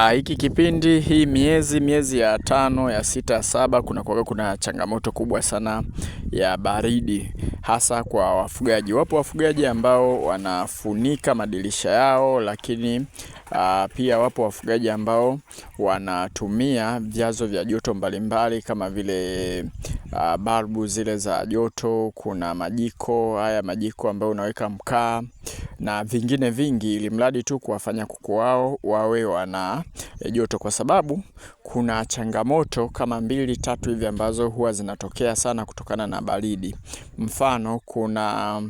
Ah, hiki kipindi hii miezi miezi ya tano ya sita ya saba kuna kuwaga kuna changamoto kubwa sana ya baridi hasa kwa wafugaji. Wapo wafugaji ambao wanafunika madirisha yao, lakini Uh, pia wapo wafugaji ambao wanatumia vyanzo vya joto mbalimbali kama vile uh, balbu zile za joto. Kuna majiko haya majiko ambayo unaweka mkaa na vingine vingi, ili mradi tu kuwafanya kuku wao wawe wana e, joto, kwa sababu kuna changamoto kama mbili tatu hivi ambazo huwa zinatokea sana kutokana na baridi. Mfano kuna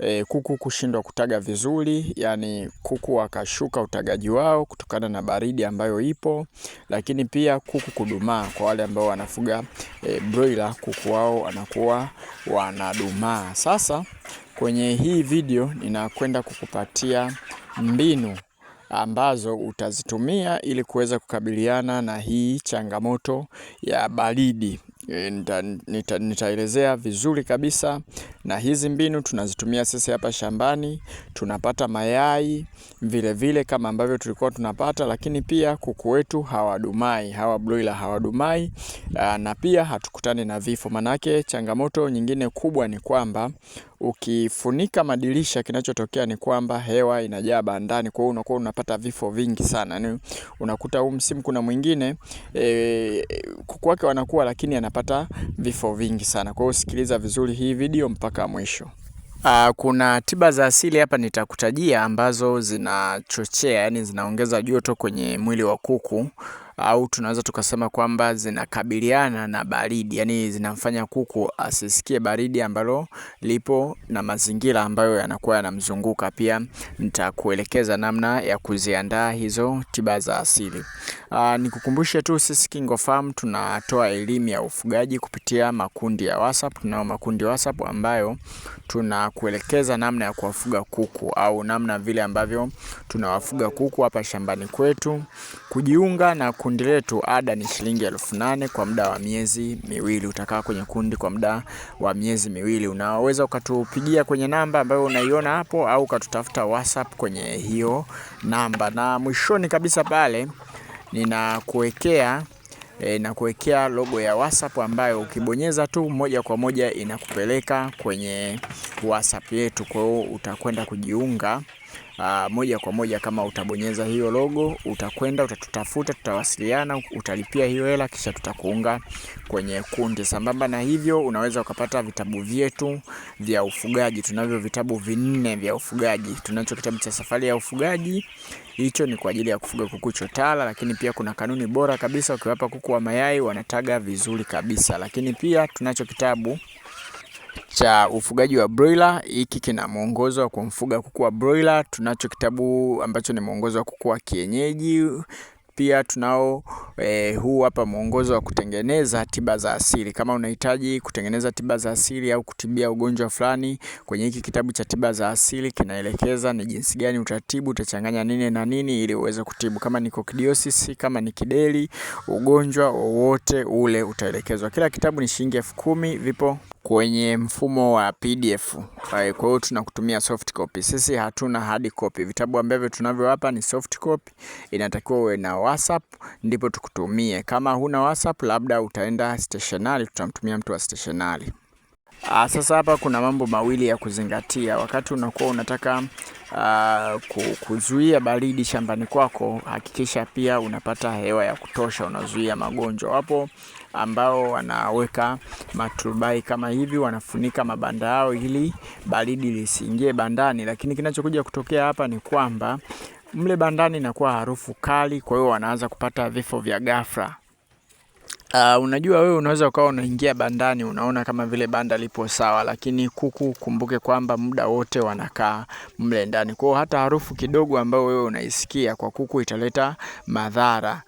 e, kuku kushindwa kutaga vizuri, yani kuku wakashuka utagaji wao kutokana na baridi ambayo ipo, lakini pia kuku kudumaa. Kwa wale ambao wanafuga e, broiler, kuku wao wanakuwa wanadumaa. Sasa kwenye hii video ninakwenda kukupatia mbinu ambazo utazitumia ili kuweza kukabiliana na hii changamoto ya baridi. E, nitaelezea nita vizuri kabisa na hizi mbinu tunazitumia sisi hapa shambani, tunapata mayai vile vile kama ambavyo tulikuwa tunapata, lakini pia kuku wetu hawadumai, hawa broiler hawadumai, na pia hatukutani na vifo. Manake changamoto nyingine kubwa ni kwamba ukifunika madirisha, kinachotokea ni kwamba hewa inajaa bandani, kwa hiyo unakuwa unapata vifo vingi sana. Ni unakuta huu msimu kuna mwingine e, kuku wake wanakuwa, lakini anapata vifo vingi sana. Kwa hiyo sikiliza vizuri hii video mpaka mpaka mwisho. Uh, kuna tiba za asili hapa nitakutajia ambazo zinachochea, yani zinaongeza joto kwenye mwili wa kuku au tunaweza tukasema kwamba zinakabiliana na baridi, yani zinamfanya kuku asisikie baridi ambalo lipo na mazingira ambayo yanakuwa yanamzunguka. Pia nitakuelekeza namna ya kuziandaa hizo tiba za asili. Aa, nikukumbushe tu sisi Farm tunatoa elimu ya ufugaji kupitia makundi ya WhatsApp. Tunao makundi ya WhatsApp ambayo tunakuelekeza namna ya kuwafuga kuku au namna vile ambavyo tunawafuga kuku hapa shambani kwetu. Kujiunga na ku kundi letu ada ni shilingi elfu nane kwa muda wa miezi miwili. Utakaa kwenye kundi kwa muda wa miezi miwili. Unaweza ukatupigia kwenye namba ambayo unaiona hapo, au ukatutafuta WhatsApp kwenye hiyo namba, na mwishoni kabisa pale ninakuwekea E, nakuwekea logo ya WhatsApp ambayo ukibonyeza tu moja kwa moja inakupeleka kwenye WhatsApp yetu. Kwa hiyo utakwenda kujiunga. Aa, ah, moja kwa moja kama utabonyeza hiyo logo, utakwenda utatutafuta, tutawasiliana, utalipia hiyo hela, kisha tutakuunga kwenye kundi. Sambamba na hivyo, unaweza ukapata vitabu vyetu vya ufugaji. Tunavyo vitabu vinne vya ufugaji. Tunacho kitabu cha safari ya ufugaji, hicho ni kwa ajili ya kufuga kuku chotara, lakini pia kuna kanuni bora kabisa, ukiwapa kuku wa mayai wanataga vizuri kabisa. Lakini pia tunacho kitabu cha ufugaji wa broiler. Hiki kina mwongozo wa kumfuga kuku wa broiler. Tunacho kitabu ambacho ni mwongozo wa kuku wa kienyeji pia tunao eh, huu hapa mwongozo wa kutengeneza tiba za asili. Kama unahitaji kutengeneza tiba za asili au kutibia ugonjwa fulani, kwenye hiki kitabu cha tiba za asili kinaelekeza ni jinsi gani utatibu, utachanganya nini na nini ili uweze kutibu, kama ni coccidiosis, kama ni kideri, ugonjwa wowote ule utaelekezwa. Kila kitabu ni shilingi elfu kumi. Vipo kwenye mfumo wa PDF. Kwa hiyo tunakutumia soft copy. Sisi hatuna hard copy. Vitabu ambavyo tunavyo hapa ni soft copy. Inatakiwa uwe na WhatsApp ndipo tukutumie. Kama huna WhatsApp, labda utaenda stationery, tutamtumia mtu wa stationery. Aa, ah, sasa hapa kuna mambo mawili ya kuzingatia wakati unakuwa unataka uh, kuzuia baridi shambani kwako. Hakikisha pia unapata hewa ya kutosha, unazuia magonjwa. Wapo ambao wanaweka maturubai kama hivi, wanafunika mabanda yao ili baridi lisiingie bandani, lakini kinachokuja kutokea hapa ni kwamba mle bandani inakuwa harufu kali, kwa hiyo wanaanza kupata vifo vya ghafla. Uh, unajua wewe unaweza ukawa unaingia bandani unaona kama vile banda lipo sawa, lakini kuku kumbuke kwamba muda wote wanakaa mle ndani. Kwa hiyo hata harufu kidogo ambayo wewe unaisikia kwa kuku italeta madhara.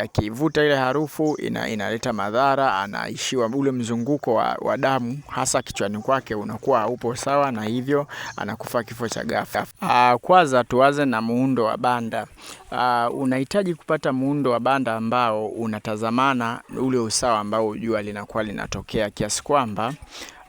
Akivuta aki ile harufu ina, inaleta madhara, anaishiwa ule mzunguko wa, wa damu hasa kichwani kwake unakuwa haupo sawa, na hivyo anakufa kifo cha ghafla. Uh, kwanza tuwaze na muundo wa banda. Uh, unahitaji kupata muundo wa banda ambao unatazamana ule usawa ambao jua linakuwa linatokea, kiasi kwamba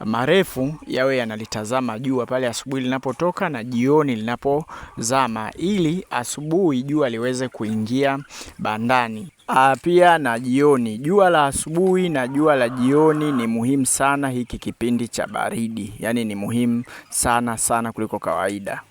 marefu yawe yanalitazama jua pale asubuhi linapotoka na jioni linapozama, ili asubuhi jua liweze kuingia bandani. A, ah, pia na jioni, jua la asubuhi na jua la jioni ni muhimu sana hiki kipindi cha baridi, yaani ni muhimu sana sana kuliko kawaida.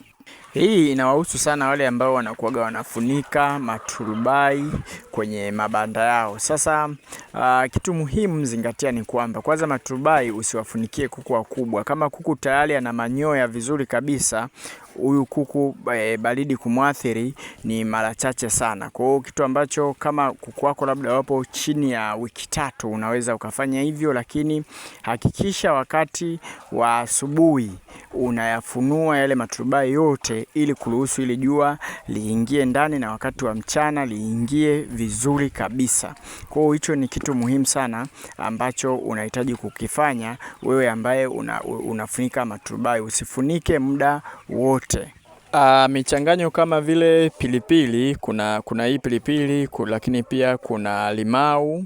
Hii inawahusu sana wale ambao wanakuwaga wanafunika maturubai kwenye mabanda yao. Sasa uh, kitu muhimu zingatia ni kwamba kwanza, maturubai usiwafunikie kuku wakubwa. Kama kuku tayari ana manyoya vizuri kabisa, huyu kuku e, baridi kumwathiri ni mara chache sana. Kwa hiyo kitu ambacho kama kuku wako labda wapo chini ya wiki tatu, unaweza ukafanya hivyo, lakini hakikisha wakati wa asubuhi unayafunua yale maturubai yote, ili kuruhusu ili jua liingie ndani, na wakati wa mchana liingie vizuri kabisa. Kwa hiyo hicho ni kitu muhimu sana ambacho unahitaji kukifanya wewe ambaye una, unafunika maturubai. Usifunike muda wote yote. Uh, michanganyo kama vile pilipili, kuna kuna hii pilipili, lakini pia kuna limau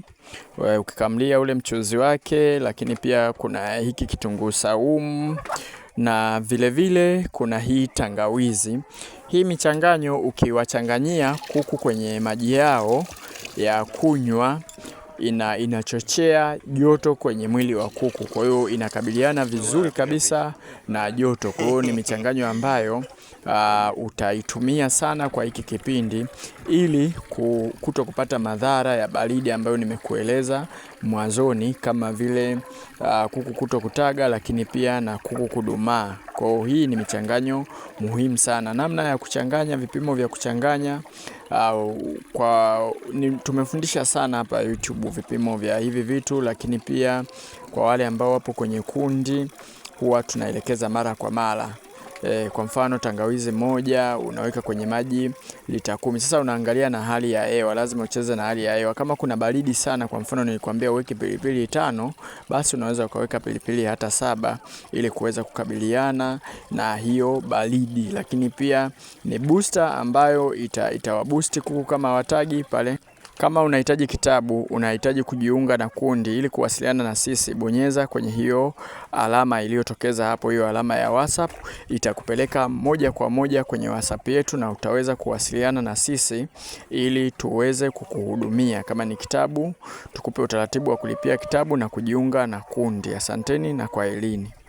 ukikamlia ule mchuzi wake, lakini pia kuna hiki kitunguu saumu na vilevile vile, kuna hii tangawizi. Hii michanganyo ukiwachanganyia kuku kwenye maji yao ya kunywa ina, inachochea joto kwenye mwili wa kuku, kwa hiyo inakabiliana vizuri kabisa na joto. Kwa hiyo ni michanganyo ambayo uh, utaitumia sana kwa hiki kipindi ili kuto kupata madhara ya baridi ambayo nimekueleza mwanzoni kama vile uh, kuku kuto kutaga, lakini pia na kuku kudumaa. Kwa hiyo hii ni michanganyo muhimu sana. Namna ya kuchanganya, vipimo vya kuchanganya uh, kwa ni, tumefundisha sana hapa YouTube vipimo vya hivi vitu, lakini pia kwa wale ambao wapo kwenye kundi huwa tunaelekeza mara kwa mara e, kwa mfano tangawizi moja unaweka kwenye maji lita kumi. Sasa unaangalia na hali ya hewa, lazima ucheze na hali ya hewa. Kama kuna baridi sana, kwa mfano nilikwambia uweke pilipili tano, basi unaweza ukaweka pilipili hata saba ili kuweza kukabiliana na hiyo baridi, lakini pia ni booster ambayo itawabusti ita kuku kama watagi pale kama unahitaji kitabu, unahitaji kujiunga na kundi ili kuwasiliana na sisi, bonyeza kwenye hiyo alama iliyotokeza hapo, hiyo alama ya WhatsApp itakupeleka moja kwa moja kwenye WhatsApp yetu na utaweza kuwasiliana na sisi ili tuweze kukuhudumia. Kama ni kitabu, tukupe utaratibu wa kulipia kitabu na kujiunga na kundi. Asanteni na kwaherini.